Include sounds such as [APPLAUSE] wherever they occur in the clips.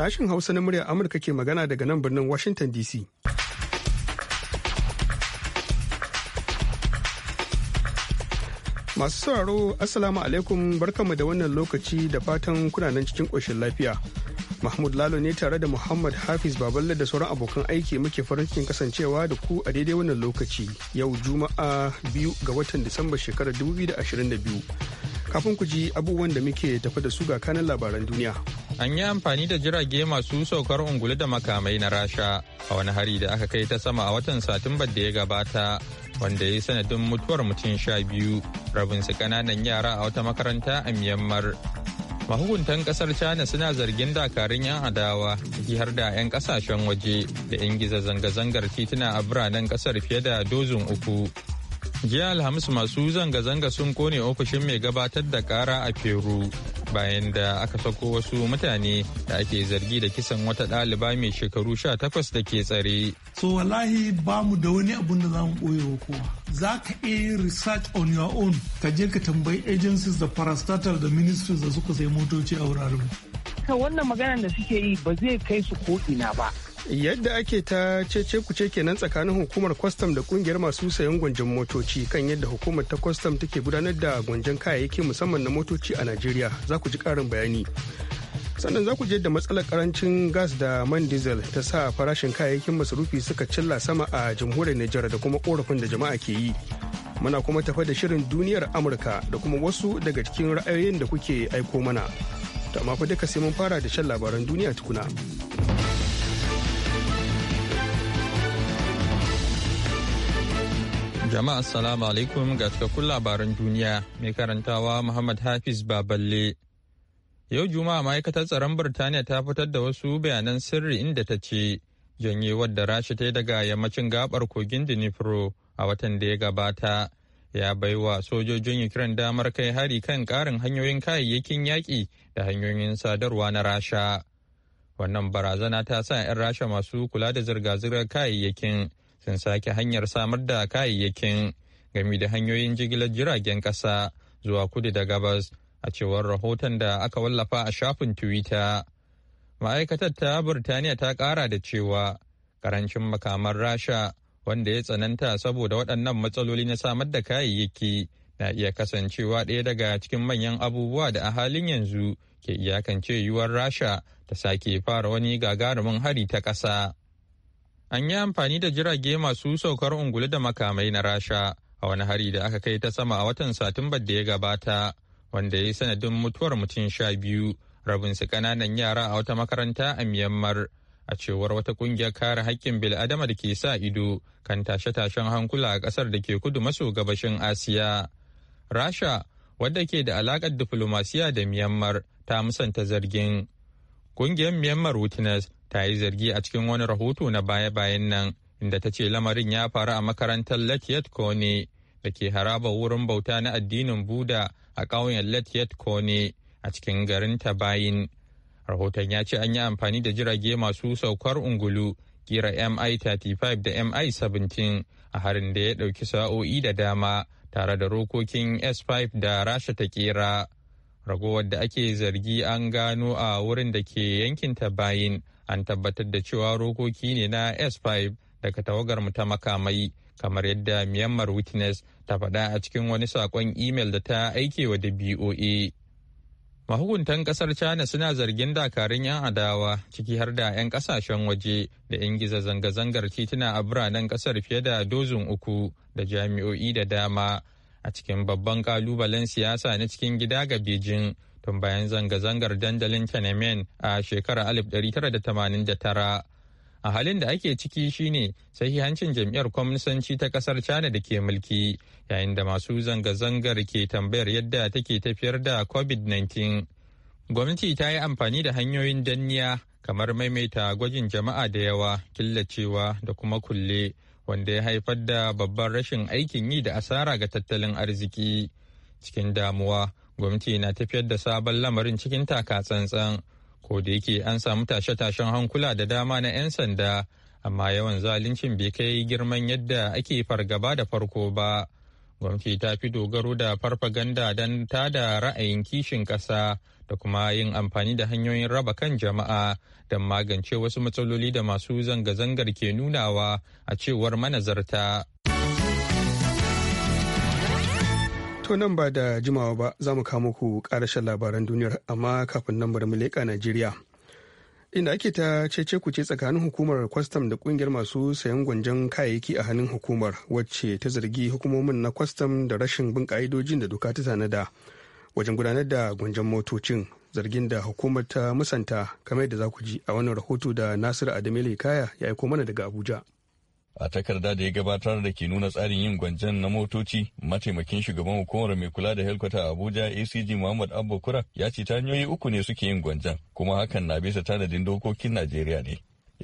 Sashen Hausa na muryar Amurka ke magana daga nan birnin Washington DC. Masu sauraro Assalamu alaikum barkanmu da wannan lokaci da fatan kunanan cikin ƙoshin lafiya. Mahmud Lalo ne tare da Muhammad Hafiz Baballe da sauran abokan aiki muke farin cikin kasancewa da ku a daidai wannan lokaci yau Juma'a biyu ga watan Disamba shekarar 2022. kafin ku ji abubuwan da muke tafi da su ga kanan labaran duniya. An yi amfani da jirage masu saukar ungulu da makamai na rasha a wani hari da aka kai ta sama a watan Satumbar da ya gabata wanda ya yi sanadin mutuwar mutum sha biyu rabin su kananan yara a wata makaranta a Myanmar. Mahukuntan kasar China suna zargin dakarun 'yan adawa ciki har da 'yan kasashen waje da 'yan zanga-zangar tituna a biranen kasar fiye da dozin uku jiya alhamis masu zanga-zanga sun kone ofishin mai gabatar da kara a peru bayan da aka sako wasu mutane da ake zargi da kisan wata ɗaliba mai shekaru sha takwas da ke tsare. so wallahi ba mu da wani abun da za mu ɓoye wa kowa za ka iya research on your own ka je ka tambayi agencies da parastatal da ministries da suka sai motoci a wuraren. ka wannan maganar da suke yi ba zai kai su ko'ina ba yadda ake ta cece kuce kenan tsakanin hukumar kwastam da kungiyar masu sayan gwanjan motoci kan yadda hukumar ta kwastam take gudanar da gwanjan kayayyaki musamman na motoci a najeriya za ku ji karin bayani sannan za ku je da matsalar karancin gas da man diesel ta sa farashin kayayyakin masarufi suka cilla sama a jamhuriyar nijar da kuma korafin da jama'a ke yi muna kuma tafa da shirin duniyar amurka da kuma wasu daga cikin ra'ayoyin da kuke aiko mana ta fa duka sai mun fara da shan labaran duniya tukuna. Jama'a assalamu alaikum ga cikakkun labaran duniya mai karantawa Muhammad Hafiz Baballe. Yau Juma'a ma'aikatar tsaron Birtaniya ta fitar da wasu bayanan sirri inda ta ce janyewar da Rasha ta yi daga yammacin gabar kogin Dnipro a watan da ya gabata ya baiwa sojojin Ukraine damar kai hari kan karin hanyoyin kayayyakin yaƙi da hanyoyin sadarwa na Rasha. Wannan barazana ta sa 'yan Rasha masu kula da zirga-zirgar kayayyakin sun sake hanyar samar da kayayyakin game da hanyoyin jigilar jiragen kasa zuwa kudu da gabas a cewar rahoton da aka wallafa a shafin twitter ma'aikatar ta burtaniya ta kara da cewa karancin makaman rasha wanda ya tsananta saboda waɗannan matsaloli na samar da kayayyaki na iya kasancewa ɗaya daga cikin manyan abubuwa da a halin yanzu ke iyakance yiwuwar rasha ta sake fara wani gagarumin hari ta ƙasa. an yi amfani da jirage masu saukar ungulu da makamai na rasha a wani hari da aka kai ta sama a watan satumbar da ya gabata wanda ya yi sanadin mutuwar mutum sha biyu rabin su kananan yara a wata makaranta a myanmar a cewar wata kungiyar kare haƙƙin bil'adama da ke sa ido kan tashe-tashen hankula a ƙasar da ke kudu maso gabashin asiya rasha wadda ke da alaƙar diflomasiya da myanmar ta musanta zargin kungiyar myanmar witness ta yi zargi a cikin wani rahoto na baya-bayan nan inda ta ce lamarin ya faru a makarantar Latyet Kone da ke haraba wurin bauta na addinin Buda a ƙauyen Latyet Kone a cikin garin Tabayin. Rahoton ya ce an yi amfani da jirage masu saukar ungulu kira MI-35 da MI-17 a harin da ya ɗauki sa'o'i da dama tare da rokokin S-5 da Rasha ta kera. Ragowar da ake zargi an gano a wurin da ke yankin Tabayin an tabbatar da cewa rokoki ne na s-5 daga tawagar mu ta makamai kamar yadda myanmar witness ta faɗa a cikin wani saƙon imel da ta aike wa da boa mahukuntan kasar china suna zargin dakarun 'yan adawa ciki har da 'yan kasashen waje da 'yan giza zanga-zangar tituna a biranen kasar fiye da dozin uku da jami'o'i da dama a cikin babban kalubalen siyasa na cikin gida ga beijing tun bayan zanga-zangar dandalin Tiananmen a shekarar 1989. A halin da ake ciki shine sahihancin jam'iyyar kwamnisanci ta kasar China da ke mulki yayin da masu zanga-zangar ke tambayar yadda take tafiyar da COVID-19. Gwamnati ta yi amfani da hanyoyin danniya kamar maimaita gwajin jama'a da yawa, killacewa da kuma kulle, wanda ya haifar da babban rashin aikin yi da asara ga tattalin arziki. Cikin damuwa, gwamnati na tafiyar da sabon lamarin cikin taka tsantsan ko da yake an samu tashe-tashen hankula da dama na 'yan sanda amma yawan zaluncin bai kai girman yadda ake fargaba da farko ba gwamnati ta fi dogaro da farfaganda don da ra'ayin kishin ƙasa da kuma yin amfani da hanyoyin raba kan jama'a don magance wasu matsaloli da masu zanga-zangar ke nunawa a cewar manazarta To nan ba da jimawa ba za mu kawo muku karashen labaran duniyar amma kafin nan bari mu leƙa Najeriya. Inda ake ta cece ku ce tsakanin hukumar kwastam da kungiyar masu sayan gwanjan kayayyaki a hannun hukumar wacce ta zargi hukumomin na kwastam da rashin bin ka'idojin da doka ta tanada wajen gudanar da gwanjan motocin zargin da hukumar ta musanta kamar da za ku ji a wannan rahoto da Nasiru Adamele Kaya ya aiko mana daga Abuja. a takarda da ya gabatar da ke nuna tsarin yin gwanjan na motoci mataimakin shugaban hukumar mai kula da helkwata abuja acg muhammad abba kura ya ce ta hanyoyi uku ne suke yin gwanjan kuma hakan na bisa tanadin dokokin najeriya ne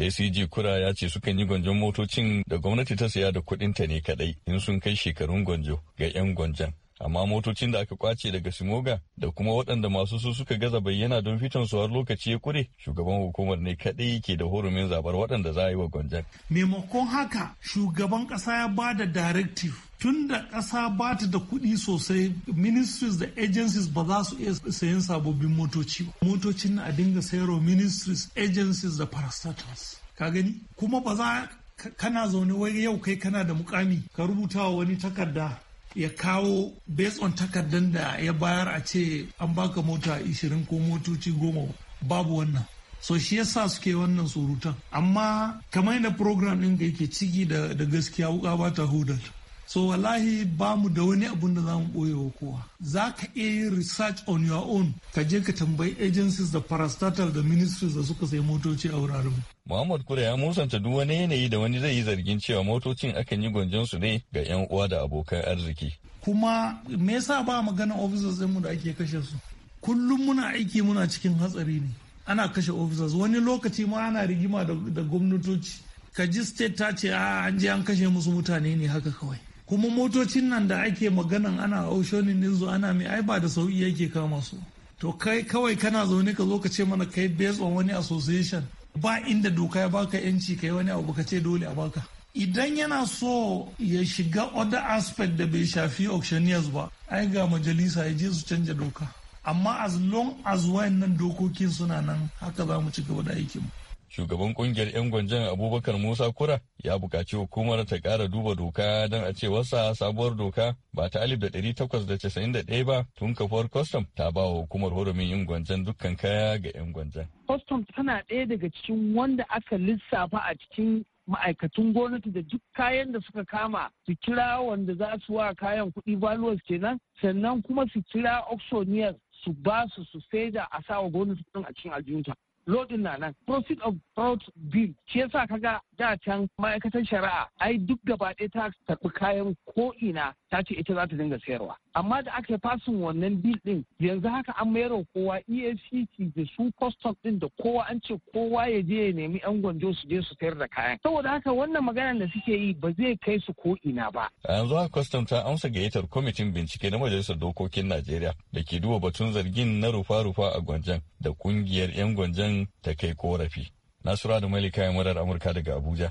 acg kura ya ce sukan yi gwanjon motocin da gwamnati ta saya da kuɗinta ne kadai in sun kai shekarun gwanjo ga 'yan gwanjan amma motocin da aka kwace daga simoga da kuma waɗanda masu su suka gaza bayyana don fitan suwar lokaci ya kure shugaban hukumar ne kaɗai ke da hurumin zabar waɗanda za a yi wa gwanjan. maimakon haka shugaban ƙasa ya ba da directive tun da ƙasa ba ta da kuɗi sosai ministries da agencies ba za su iya sayan sababbin motoci ba motocin na a dinga sayarwa ministries agencies da parastatals ka gani kuma ba za kana zaune wai yau kai kana da mukami ka rubuta wa wani takarda ya kawo based on takardar da ya bayar a ce an baka mota 20 ko motoci goma babu wannan so shi yasa suke wannan surutan amma kamar da program ɗin da yake ciki da gaskiya wuka ba ta hudar so wallahi ba mu da wani abun da za mu ɓoye wa kowa za ka iya yin research on your own ka je ka tambayi agencies da parastatal da ministries da suka sai motoci a wuraren Muhammad Kure ya musanta duk wani yanayi da wani zai yi zargin cewa motocin akan yi gwanjon su ne ga 'yan uwa da abokan arziki. Kuma me yasa ba magana officers mu da ake kashe su? Kullum muna aiki muna cikin hatsari ne. Ana kashe officers wani lokaci ma ana rigima da gwamnatoci. Ka ji state ta ce a an je an kashe musu mutane ne haka kawai. kuma motocin nan da ake maganan ana aushonin ninzu ana mai ai ba da sauki yake kama su to kai kawai kana zaune ka zo ka ce mana kai based on wani association ba inda doka ya baka yanci kai wani abu ka ce dole a baka idan yana so ya shiga other aspect da bai shafi auctioneers ba ai ga majalisa ya je su canja doka amma as long as wayannan dokokin suna nan haka za mu ci gaba da aikinmu Shugaban kungiyar 'yan gwajin Abubakar Musa Kura ya bukaci hukumar ta kara duba doka don a ce wasa sabuwar doka ba ta alif da ɗari takwas da casa'in da ɗaya ba tun kafuwar kwastam ta ba wa hukumar hurumin yin gwajin dukkan kaya ga 'yan gwajin. Kwastam tana ɗaya daga cikin wanda aka lissafa a cikin ma'aikatan gwamnati da duk kayan da suka kama su kira wanda za su wa kayan kuɗi valuers kenan sannan kuma su kira auctioneers su ba su su saida a sawa gwamnati a cikin aljihunta. lodin na nan proceed of fraud bill shi yasa kaga da can ma'aikatar shari'a ai duk gaba ɗaya ta karɓi kayan ko ina ta ce ita za ta dinga sayarwa amma da aka fasin wannan bill din yanzu haka an mayar wa kowa EFCC da su custom din da kowa an ce kowa ya je ya nemi yan gwanjo su je su sayar da kayan saboda haka wannan maganar da suke yi ba zai kai su ko ina ba yanzu haka custom ta amsa gayyatar kwamitin bincike na majalisar dokokin Najeriya da ke duba batun zargin na rufa-rufa a gwanjan da kungiyar yan gwanjan ta kai korafi. Nasura da Malika ya murar Amurka daga Abuja,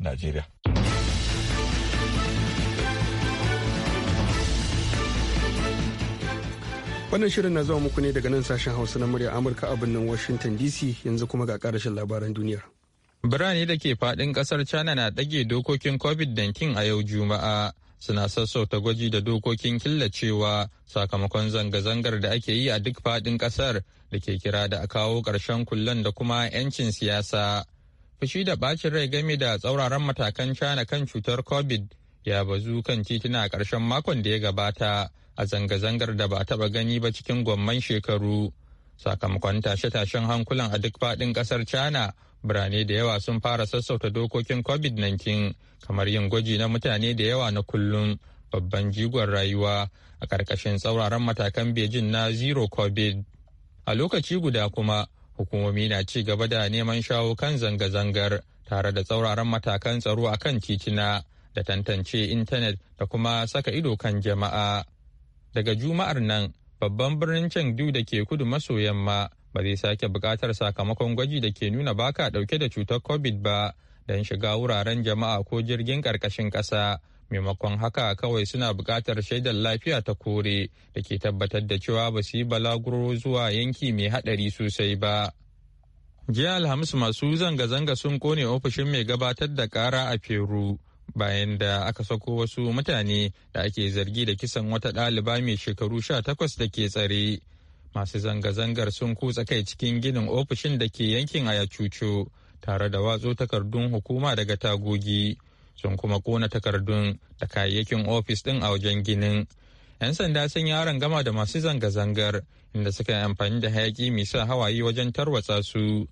Najeriya. Wannan shirin na zama muku ne daga nan sashen Hausa na murya Amurka a birnin Washington DC yanzu kuma ga karashin labaran duniya Birane da ke faɗin ƙasar China na ɗage dokokin COVID-19 a yau Juma'a. suna sassauta gwaji da dokokin killacewa sakamakon zanga-zangar da ake yi a duk faɗin ƙasar da ke kira da a kawo ƙarshen kullen da kuma 'yancin siyasa. Fushi da ɓacin rai game da tsauraran matakan cana kan cutar COVID ya bazu kan titina a ƙarshen makon da ya gabata a zanga-zangar da ba taɓa gani ba cikin gwamman shekaru. sakamakon tashe-tashen hankulan a duk faɗin ƙasar china birane da yawa sun fara sassauta dokokin covid-19 kamar yin gwaji na mutane da yawa na kullum babban jigon rayuwa a ƙarƙashin tsauraran matakan beijing na zero covid a lokaci guda kuma hukumomi na ci gaba da neman shawo kan zanga-zangar tare da tsauraran matakan tsaro a kan titina da tantance intanet da kuma saka ido kan jama'a daga juma'ar nan babban birnin Chengdu da ke kudu maso yamma ba zai sake buƙatar sakamakon gwaji da ke nuna baka ɗauke da cutar COVID ba don shiga wuraren jama'a ko jirgin ƙarƙashin ƙasa. Maimakon haka kawai suna buƙatar shaidar lafiya ta kore da ke tabbatar da cewa ba su yi balaguro zuwa yanki mai haɗari sosai ba. Jiya Alhamis masu zanga-zanga sun kone ofishin mai gabatar da ƙara a Peru. bayan da aka sako wasu mutane da ake zargi da kisan wata ɗaliba mai shekaru sha takwas da ke tsare. Masu zanga-zangar sun kutsa kai cikin ginin ofishin da ke yankin ayacucu tare da watso takardun hukuma daga tagogi. Sun kuma kona takardun da kayayyakin ofis ɗin a wajen ginin. 'Yan sanda sun yi aron gama da masu zanga-zangar inda suka yi amfani da hayaki mai sa hawaye wajen tarwatsa su.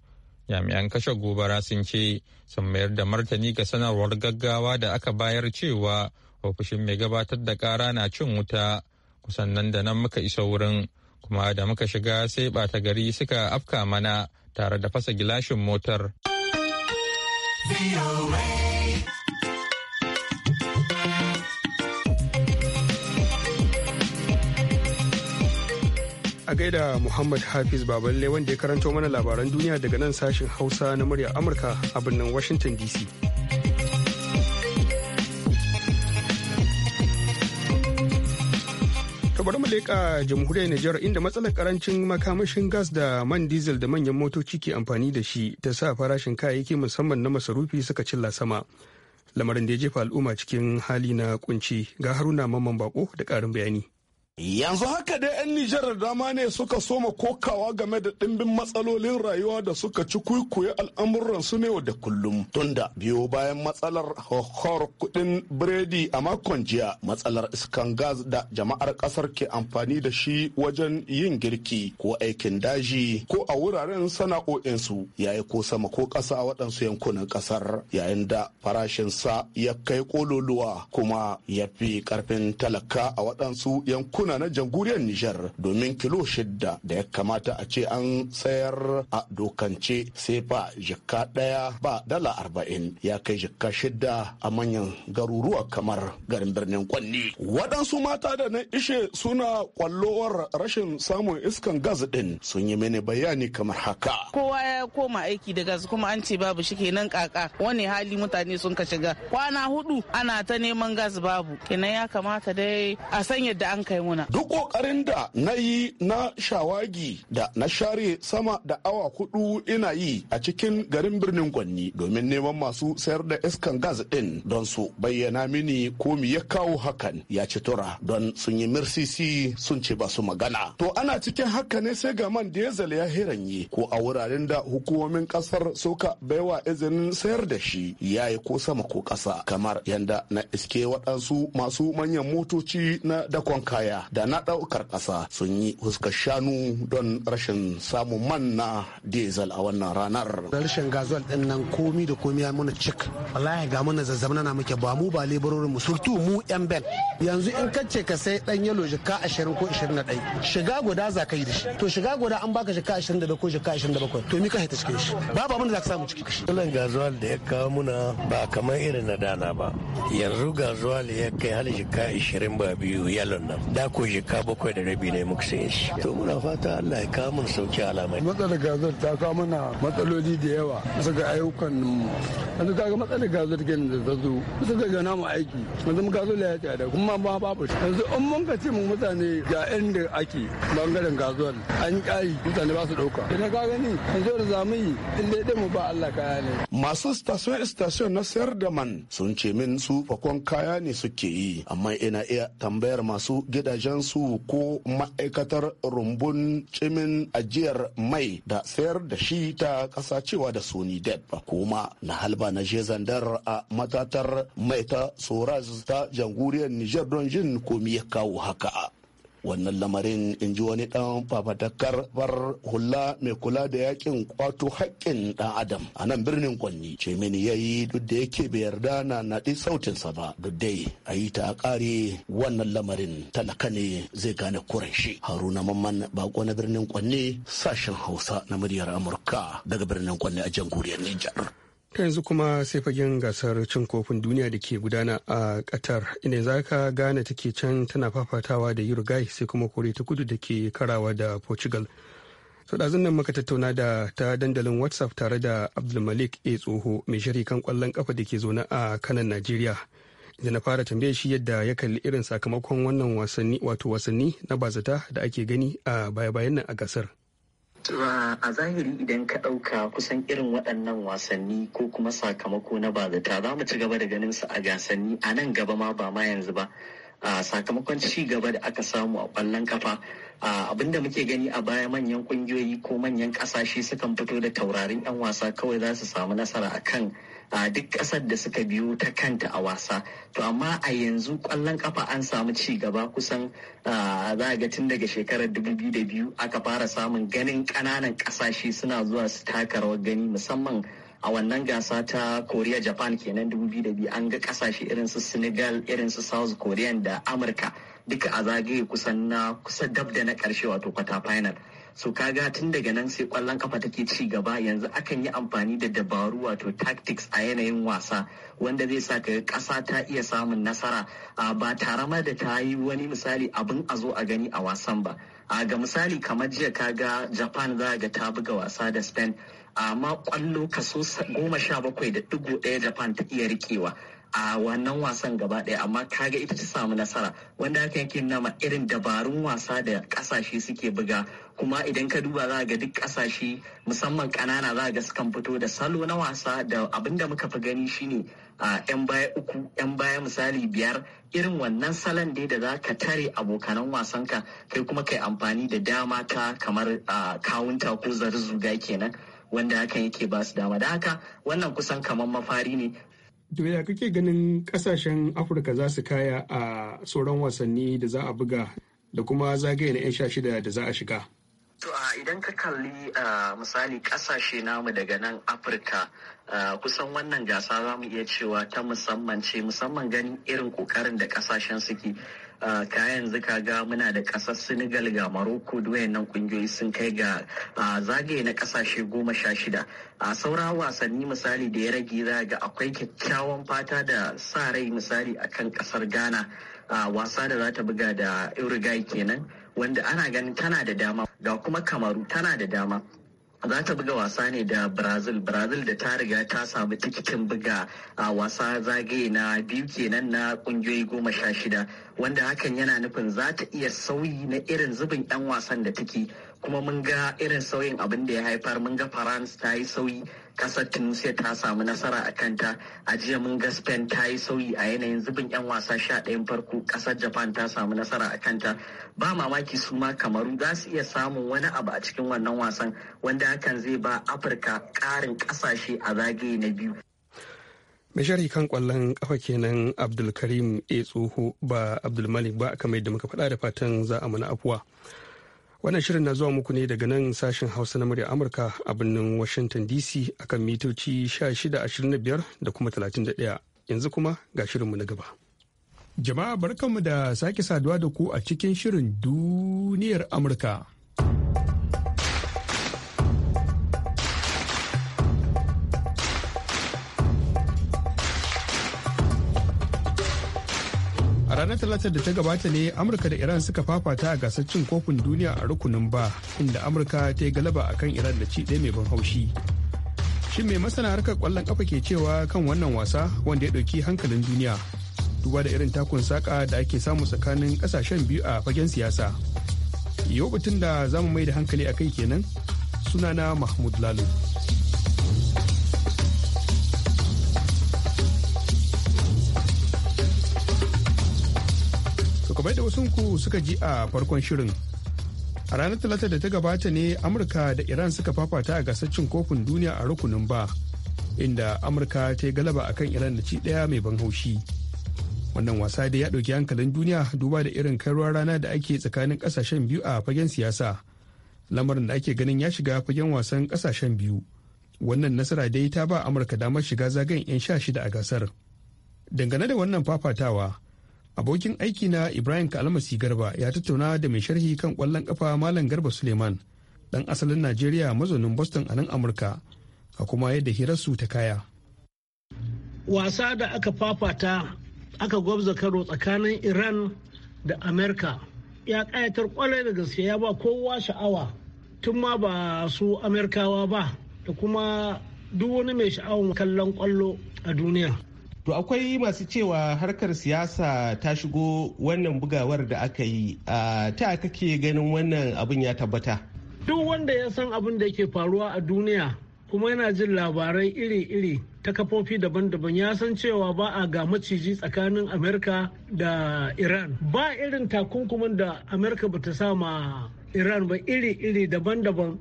jami'an kashe gobara sun ce sun mayar da martani ga sanarwar gaggawa da aka bayar cewa ofishin mai gabatar da kara na cin wuta kusan nan da nan muka isa wurin kuma da muka shiga sai ɓata gari suka afka mana tare da fasa gilashin motar. a gaida Muhammad Hafiz Baballe wanda ya karanto mana labaran duniya daga nan sashen Hausa na murya Amurka a birnin Washington DC. bari mu leƙa jamhuriyar Nijar inda matsalar karancin makamashin gas da man diesel da manyan motoci ke amfani da shi ta sa farashin kayayyaki musamman na masarufi suka cilla sama. Lamarin da ya jefa al'umma cikin hali na kunci ga haruna mamman bako da ƙarin bayani. Yanzu haka dai 'yan Nijar da dama ne suka soma kokawa game da ɗimbin matsalolin rayuwa da suka ci kuikuyi al'amuran su ne da kullum. Tunda biyo bayan matsalar hokkar kuɗin biredi a makon jiya, matsalar iskan gas da jama'ar ƙasar ke amfani da shi wajen yin girki ko aikin daji ko a wuraren sana'o'insu yayi ko sama ko ƙasa waɗansu yankunan ƙasar yayin da farashinsa ya kai kololuwa kuma ya fi ƙarfin talaka a waɗansu yankunan buhuna na jamhuriyar Nijar domin kilo shidda da ya kamata a ce an tsayar a dokance sai fa jikka ɗaya ba dala arba'in ya kai jikka shidda a manyan garuruwa kamar garin birnin Kwanni. Waɗansu mata da na ishe suna kwallowar rashin samun iskan gas ɗin sun yi mini bayani kamar haka. Kowa ya koma aiki da gas kuma an ce babu shi kenan kaka wani hali mutane sun ka shiga kwana hudu ana ta neman gas babu kenan ya kamata dai a san yadda an kai mun Duk ƙoƙarin da na yi na shawagi da na share sama da awa kudu ina yi a cikin garin birnin Gwanni domin neman masu sayar da iskan gas ɗin, don su bayyana mini ko mi ya kawo hakan ya ci tura don sun yi mirsisi sun ce ba su magana. To ana cikin haka ne sai ga man diesel ya hiranye ko a wuraren da hukumomin kasar soka baiwa izinin sayar da shi ya yi ko sama ko ƙasa, kamar yanda na iske waɗansu masu manyan motoci na dakon kaya da na ɗaukar ƙasa sun yi huskar shanu don rashin samun man na diesel a wannan ranar. Rashin gazol ɗin nan komi da komi ya muna cik. Wallahi ga muna zazzabna na muke ba mu ba leburorin mu surtu mu yan ben. Yanzu in kace ka sai ɗan yalo jika ashirin ko ashirin na ɗaya. Shiga guda za ka yi da shi. To shiga guda an baka jika ashirin da da ko jika ashirin da bakwai. To mi ka haita cikin shi. Babu ba da za ka samu cikin shi. Wannan gazol da ya kawo muna ba kamar irin na dana ba. Yanzu gazol ya kai hali jika ashirin ba biyu yalon nan. Da ko jika bakwai da rabi ne muka saye shi to muna fata Allah ya kamun mana sauki alamai matsalar gazar ta kawo mana matsaloli da yawa bisa ga ayyukan mu yanzu kaga matsalar gazar ke da ta zo bisa ga gana mu aiki yanzu mu gazo ya tsada kuma ba babu yanzu in mun ka ce mu mutane ga inda ake bangaren gazuwar an kari mutane ba su dauka idan ka gani yanzu da zamu yi in dai mu ba Allah kaya ne masu station station na sayar da man sun ce min su fakon kaya ne suke yi amma ina iya tambayar masu gidaje su ko ma'aikatar rumbun cimin ajiyar mai da sayar da shi ta ƙasa cewa da sony dep kuma na halba na zandar a matatar mai ta soraz ta jamhuriyar niger don jin komi ya kawo haka wannan lamarin in ji wani dan fafatakar bar hula mai kula da yakin kwato haƙƙin dan adam a nan birnin kwanni ce mini yi duk da yake bai yarda na naɗi sautinsa ba duk dai a yi ta ƙare wannan lamarin talaka ne zai gane kuran shi haruna mamman bako na birnin kwanni sashen hausa na muryar amurka daga birnin kwanni a jamhuriyar nijar ta yanzu kuma sai fagen gasar cin kofin duniya da ke gudana a qatar inda ka gane take can tana fafatawa da uruguay sai kuma kore ta kudu da ke karawa da portugal so ɗazun nan muka tattauna da ta dandalin whatsapp tare da abdulmalik a tsoho mai shari kan kwallon kafa da ke zaune a kanan najeriya da na fara tambaye shi yadda ya kalli irin sakamakon wannan wasanni wato wasanni na bazata da ake gani a baya-bayan nan a gasar a zahiri idan ka ɗauka kusan irin waɗannan wasanni ko kuma sakamako na bazata za mu ci gaba da ganin su a gasanni a nan gaba ma ba ma yanzu ba a sakamakon ci gaba da aka samu a ƙwallon kafa abinda muke gani a baya manyan ƙungiyoyi ko manyan ƙasashe sukan fito da taurarin 'yan wasa kawai za su samu nasara akan a duk ƙasar da suka biyo ta kanta a wasa to amma a yanzu ƙwallon kafa an samu ci gaba kusan za a ga tun daga shekarar 2002 aka fara samun ganin ƙananan ƙasashe suna zuwa su taka rawar gani musamman a wannan gasa ta korea japan kenan 2002 an ga ƙasashe irin su senegal irin su south korea da amurka duka a zagaye kusan na kusa dab da na ƙarshe wato kwata final so kaga tun daga nan sai kwallon kafa take ci gaba yanzu akan yi amfani da dabaru wato tactics a yanayin wasa wanda zai sa ka kasa ta iya samun nasara ba tare ma da ta yi wani misali abin a zo a gani a wasan ba a ga misali kamar jiya kaga japan za ga ta buga wasa da spain amma kwallo kaso goma sha bakwai da digo ɗaya japan ta iya rikewa a wannan wasan gaba ɗaya amma kaga ita ta samu nasara wanda haka yake nama irin dabarun wasa da ƙasashe suke buga kuma idan ka duba za ga duk kasashe musamman ƙanana za ga sukan fito da salo na wasa da abin da muka fi gani shine a yan baya uku yan baya misali biyar irin wannan salon dai da za ka tare abokanan wasanka kai kuma kai amfani da dama ka kamar kawunta ko zarzuga kenan wanda hakan yake ba su dama da haka wannan kusan kamar mafari ne To ya kake ganin kasashen Afirka za su kaya a sauran wasanni da za a buga da kuma zagaye na 'yan sha shida da za a shiga? To a idan ka kalli misali kasashe namu daga nan Afirka kusan wannan gasa za mu iya cewa ta musamman ce musamman ganin irin kokarin da kasashen suke kayan yanzu ka ga muna da ƙasar senegal ga maroko nan kungiyoyi sun kai ga zagaye na ƙasashe goma sha shida a saura wasanni misali da ya rage za ga akwai kyakkyawan fata da sa rai misali a kan ƙasar ghana wasa da za ta buga da uruguay kenan wanda ana ganin tana da dama ga kuma kamaru tana da dama za ta buga wasa ne da brazil brazil da ta riga ta samu tikitin buga a wasa zagaye na biyu kenan na kungiyoyi goma sha shida wanda hakan yana nufin za ta iya sauyi na irin zubin 'yan wasan da take kuma mun ga irin sauyin abin da ya haifar mun ga france ta yi sauyi kasar tunisia ta samu nasara a kanta a jiya mun ga spain ta yi sauyi a yanayin zubin yan wasa sha ɗayan farko kasar japan ta samu nasara a kanta ba mamaki su ma kamaru za su iya samun wani abu a cikin wannan wasan wanda hakan zai ba afirka ƙarin ƙasashe a zagaye na biyu mai shari kan kwallon kafa kenan abdulkarim a tsoho ba abdulmalik ba kamar yadda muka faɗa da fatan za a mana afuwa Wannan shirin na zuwa muku ne daga nan sashen Hausa na murya Amurka a birnin Washington DC akan mitoci 1625 da kuma 31. Yanzu kuma ga shirinmu na gaba. Jama'a barkanmu da sake saduwa da ku a cikin shirin duniyar Amurka. ranar talatar da ta gabata ne amurka da iran suka fafata a gasar cin kofin duniya a rukunin ba inda amurka ta yi galaba a kan iran da ci ɗaya mai ban haushi shin mai masana harkar kwallon kafa ke cewa kan wannan wasa wanda ya ɗauki hankalin duniya duba da irin takun saka da ake samu tsakanin ƙasashen biyu a fagen siyasa yau batun da zamu mai da hankali a kai kenan sunana mahmud lalu kamar da wasunku suka ji a farkon shirin a ranar talata da ta gabata ne amurka da iran suka fafata a gasar cin kofin duniya a rukunin ba inda amurka ta yi galaba a kan iran da ci ɗaya mai ban haushi wannan wasa dai ya ɗauki hankalin duniya duba da irin kai rana da ake tsakanin ƙasashen biyu a fagen siyasa lamarin da ake ganin ya shiga fagen wasan ƙasashen biyu wannan nasara dai ta ba amurka damar shiga zagayen 'yan sha shida a gasar dangane da wannan fafatawa abokin aiki na ibrahim kalmasi garba ya tattauna da mai sharhi kan kwallon kafa malam garba suleiman dan asalin najeriya mazaunin boston a nan amurka a kuma yadda hirarsu ta kaya wasa da aka fafata aka gwabza karo tsakanin iran da amerika ya kayatar kwallon da gaske ya ba kowa sha'awa tun ma ba su amerikawa ba da kuma duk wani mai sha'awar kallon kwallo a duniya To akwai masu cewa harkar siyasa ta shigo wannan bugawar da aka yi a ta kake ganin wannan abin ya tabbata. Duk wanda ya san abin da yake faruwa a duniya kuma yana jin labarai iri-iri ta kafofi daban-daban ya san cewa ba a ga maciji tsakanin Amerika da Iran. Ba irin takunkumin da Amerika bata sama Iran ba iri-iri daban-daban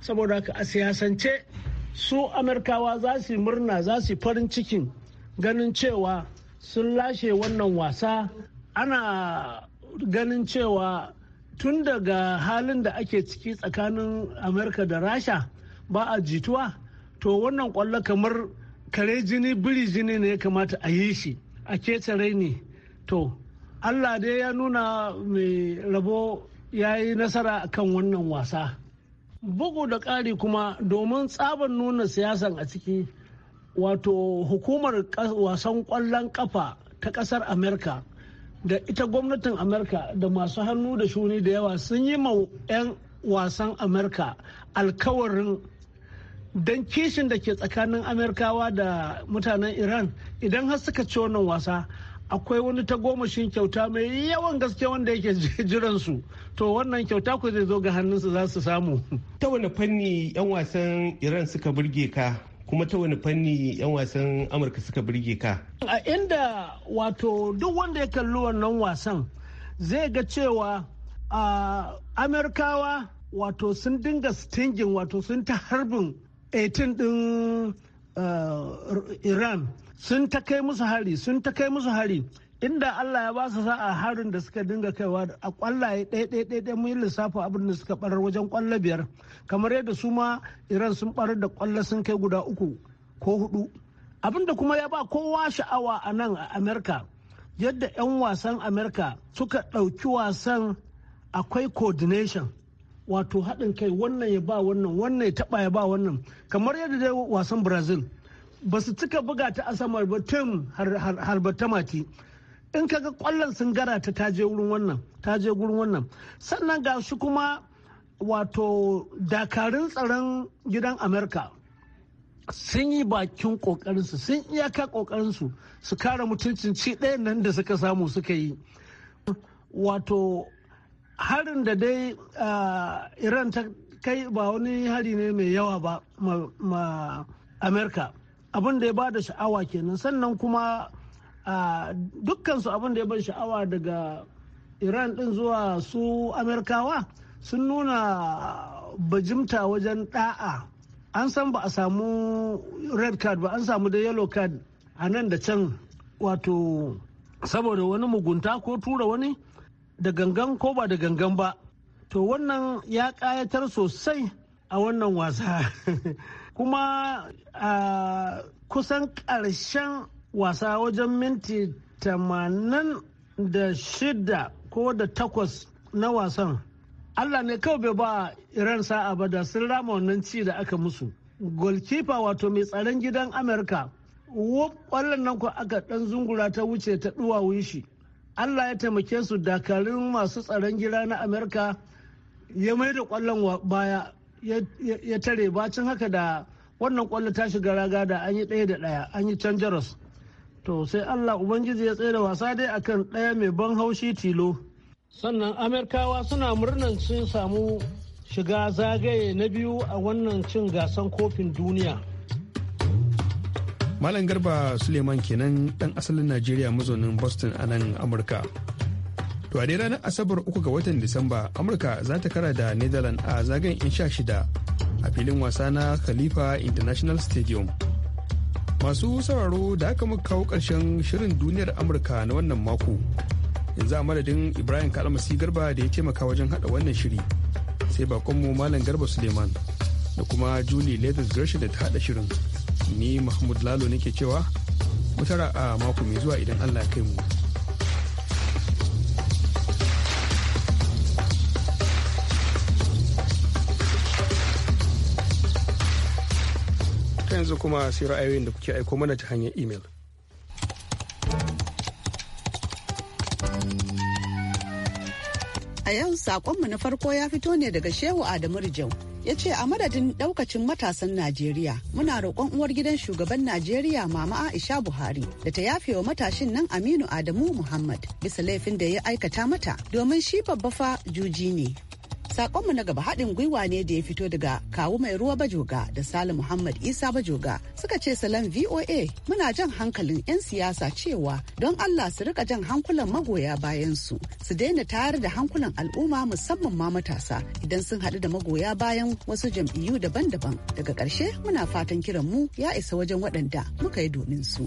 saboda haka a siyasance su Amerikawa za su murna za su farin cikin ganin cewa sun lashe wannan wasa ana ganin cewa tun daga halin da ake ciki tsakanin amurka da rasha ba a jituwa to wannan kwallo kamar kare jini biri jini ne ya kamata a yi shi a kece ne to allah dai ya nuna mai rabo ya yi nasara kan wannan wasa bugu da ƙari kuma domin tsaban nuna siyasan a ciki wato hukumar wasan kwallon kafa ta kasar amerika da ita gwamnatin amerika da masu hannu da shuni da yawa sun yi ma 'yan wasan amerika alkawarin don kishin da ke tsakanin amerikawa da mutanen iran idan har suka ci wannan wasa akwai wani tagomashin kyauta mai yawan gaske wanda yake jiran su to wannan kyauta ku zai zo ga hannunsu za su samu ta wani fanni 'yan wasan iran suka burge ka kuma ta wani fanni 'yan wasan amurka suka birge ka a inda wato duk wanda ya kalli wannan wasan zai ga cewa a amurkawa wato sun dinga stingin wato sun ta harbin 18 din eh, iran sun ta kai musu hari sun ta kai musu hari inda Allah ya ba su sa'a harin da suka dinga kaiwa a kwallaye ɗaya ɗaya ɗaya mun abin da suka barar wajen kwallo biyar kamar yadda su ma Iran sun barar da kwallo sun kai guda uku ko hudu abin da kuma ya ba kowa sha'awa a nan a Amerika yadda 'yan wasan Amerika suka ɗauki wasan akwai coordination wato haɗin kai wannan ya ba wannan wannan ya taɓa ya ba wannan kamar yadda dai wasan Brazil ba su cika buga ta asamar ba tem har, har, in ka ga kwallon sun gara ta taje wurin wannan taje gurin wannan sannan ga shi kuma wato dakarun tsaron gidan amerika sun yi bakin kokarinsu sun iyaka kokarinsu su kara mutuncin ci ɗaya nan da suka samu suka yi wato harin da dai iran ta kai ba wani hari ne mai yawa ba ma amerika abin da ya ba da sha'awa kenan sannan kuma dukkansu abin da ya ban sha'awa daga iran din zuwa su amerikawa sun nuna bajimta wajen da'a an san ba a samu red card ba an samu da yellow card a nan da can wato saboda wani mugunta ko tura wani da gangan ko ba da gangan ba to wannan ya kayatar sosai a wannan wasa [LAUGHS] kuma a kusan ƙarshen wasa wajen minti 86 ko da takwas na wasan allah ne kawai bai ba iran sa'a ba da sun rama wannan ci da aka musu golkifa wato mai tsaron gidan Amerika, kwallon nan ku aka dan zungura ta wuce ta duwawun shi allah ya taimake su dakarun masu tsaron gida na amurka ya mai da kwallon baya ya tare bacin haka da wannan kwallo ta shiga raga da an yi ɗaya da ɗaya an yi can jaros to sai allah ubangiji ya tsere wasa dai akan ɗaya mai ban haushi tilo sannan amerikawa suna murnan sun samu shiga zagaye na biyu a wannan cin gasan kofin duniya malam garba suleiman kenan ɗan asalin najeriya mazaunin boston a nan amurka to a dai ranar asabar uku ga watan disamba amurka za ta kara da netherlands a zagayen in sha shida a filin wasa na khalifa international stadium masu sauraro da aka muka kawo ƙarshen shirin duniyar amurka na wannan mako yanzu a madadin ibrahim kalmasi garba da ya taimaka wajen haɗa wannan shiri sai bakonmu malam garba suleiman da kuma julie leathers gershon da ta haɗa shirin ni mahmud lalo nake cewa mutara a mako mai zuwa idan allah ya kai mu. yanzu kuma sai ra'ayoyin da kuke aiko mana ta hanyar imel. A yau saƙonmu na farko ya fito ne daga Shehu Adamu Rijau. ya ce a madadin daukacin matasan najeriya muna roƙon uwar gidan shugaban najeriya mama aisha buhari da ta yafe wa matashin nan aminu adamu muhammad bisa laifin da ya aikata mata domin shi babba fa juji ne Sakonmu na gaba haɗin gwiwa ne da ya fito daga kawu mai ruwa bajoga da Salim Muhammad Isa bajoga suka ce salon VOA muna jan hankalin 'yan siyasa cewa don Allah su rika jan hankulan magoya bayan su su daina tayar da hankulan al'umma musamman ma matasa idan sun haɗu da magoya bayan wasu jam'iyyu daban-daban daga ƙarshe muna fatan kiran mu ya isa wajen waɗanda muka yi domin su.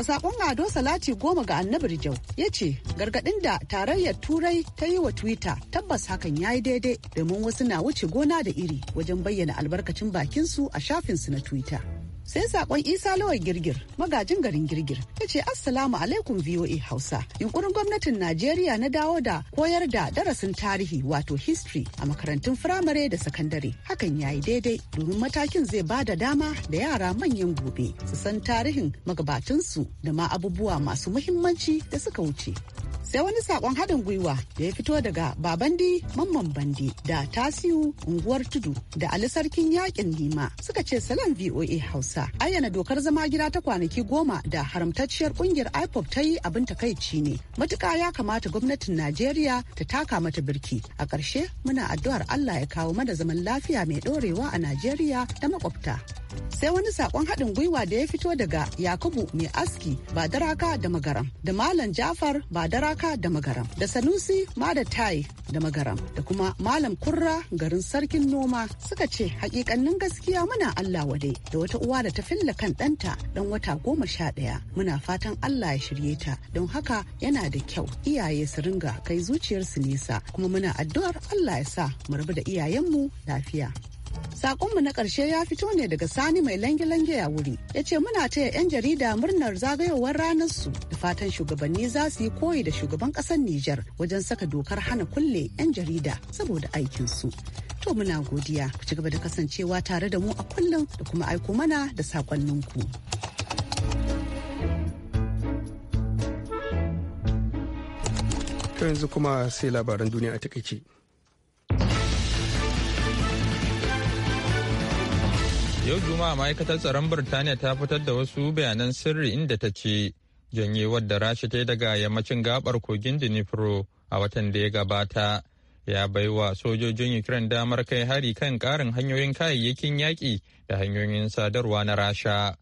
A sakon Ado Salati goma ga Annabi Rijau ya ce gargaɗin da tarayyar Turai ta yi wa Twitter tabbas hakan ya yi daidai domin wasu na wuce gona da iri wajen bayyana albarkacin bakinsu a shafinsu na Twitter. sai sakon isa lawal girgir magajin garin girgir ya ce assalamu alaikum voa hausa yunkurin gwamnatin najeriya na dawo da koyar da darasin tarihi wato history a makarantun firamare da sakandare hakan ya yi daidai domin matakin zai ba da dama da yara manyan gobe su san tarihin magabatansu da ma abubuwa masu muhimmanci da suka wuce sai wani sakon haɗin gwiwa da ya fito daga babandi mamman bandi da tasiu unguwar tudu da ali sarkin yakin Nima suka ce salon voa hausa ayyana dokar zama gida ta kwanaki goma da haramtacciyar kungiyar ipop ta yi abin takaici ne matuka ya kamata gwamnatin najeriya ta taka mata birki a ƙarshe muna addu'ar allah ya kawo mana zaman lafiya mai ɗorewa a najeriya da makwabta sai wani sakon haɗin gwiwa da ya fito daga yakubu mai aski badaraka da magaram da malam jafar badaraka da magaram da sanusi ma da tai da magaram da kuma malam kurra garin sarkin noma suka ce hakikannin gaskiya muna allah wade da wata uwa da ta filla kan ɗanta ɗan wata goma sha ɗaya muna fatan allah ya shirye ta don haka yana da kyau iyaye su ringa kai zuciyarsu nisa kuma muna addu'ar allah ya sa mu rabu da iyayenmu lafiya Sakonmu na ƙarshe ya fito ne daga Sani mai lange-lange ya wuri. Ya ce muna taya 'yan jarida murnar zagayowar ranar su da fatan shugabanni za su yi koyi da shugaban ƙasar Nijar wajen saka dokar hana kulle 'yan jarida saboda aikinsu. To muna godiya ku ci gaba da kasancewa tare da mu a kullum da kuma aiko mana da sakonninku. yanzu kuma sai labaran duniya a takaice. Yau Juma'a ma'aikatar tsaron Birtaniya ta fitar da wasu bayanan sirri inda ta ce janyewar da Rasha ta yi daga yammacin gabar kogin Dnipro a watan da ya gabata ya baiwa sojojin Ukraine damar kai hari kan karin hanyoyin kayayyakin yaƙi da hanyoyin sadarwa na Rasha.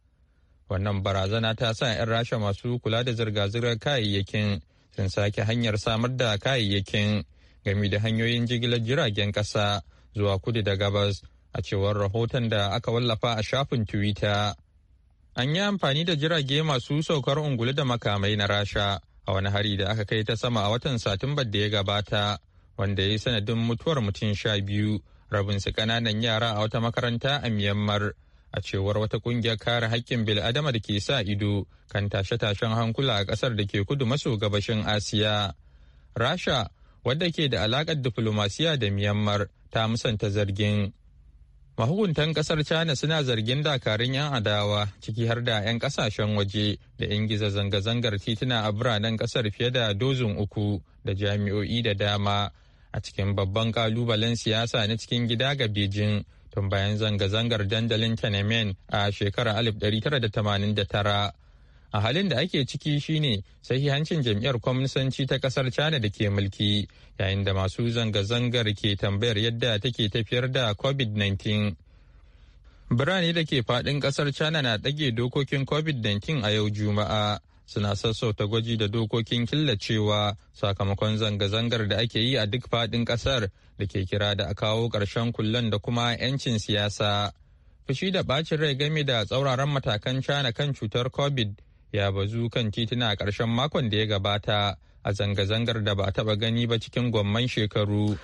Wannan barazana ta sa 'yan Rasha masu kula da zirga-zirgar kayayyakin sun sake hanyar samar da kayayyakin gami da hanyoyin jigilar jiragen ƙasa zuwa kudu da gabas a cewar rahoton da aka wallafa a shafin twitter an yi amfani da jirage masu saukar ungulu da makamai na rasha a wani hari da aka kai ta sama a watan satumbar da ya gabata wanda ya yi sanadin mutuwar mutum sha biyu rabin su kananan yara a wata makaranta a myanmar a cewar wata kungiyar kare haƙƙin bil'adama da ke sa ido kan tashe-tashen hankula a ƙasar da ke kudu maso gabashin asiya rasha wadda ke da alaƙar diflomasiya da myanmar ta musanta zargin Mahukuntan kasar China suna zargin dakarun 'yan adawa ciki har da 'yan kasashen waje da 'yan zanga-zangar tituna a biranen kasar fiye da dozin uku da jami'o'i da dama a cikin babban kalubalen siyasa na cikin gida ga Beijing tun bayan zanga-zangar dandalin Tiananmen a shekarar 1989. a halin da ake ciki shine sahihancin jam'iyyar kwamnisanci ta kasar china da ke mulki yayin da masu zanga-zangar ke tambayar yadda take tafiyar da covid-19 birane da ke fadin kasar china na ɗage dokokin covid-19 a yau juma'a suna sassauta gwaji da dokokin killacewa sakamakon zanga-zangar da ake yi a duk fadin ƙasar da ke kira da a kawo ƙarshen kullum da kuma 'yancin siyasa fushi da bacin rai game da tsauraran matakan china kan cutar covid ya bazu kan tituna a ƙarshen makon da ya gabata a zanga-zangar da ba a taɓa gani ba cikin gwamman shekaru.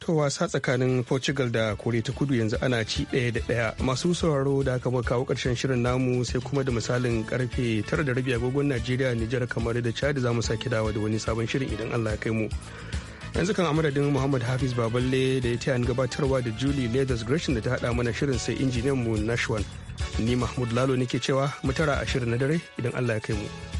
To wasa tsakanin Portugal da kore ta kudu yanzu ana ci ɗaya da ɗaya. Masu sauraro da aka muka kawo ƙarshen shirin namu sai kuma da misalin karfe tara da rabi agogon Najeriya, Nijar, kamar da Chad za mu sake dawa da wani sabon shirin idan Allah ya kai mu. Yanzu kan amuradin Muhammad Hafiz Baballe da ya taya gabatarwa da Julie Leathers Gresham da ta haɗa mana shirin sai injiniyan mu Nashwan. Ni Mahmud Lalo nake cewa mu tara ashirin na dare idan Allah ya kai mu.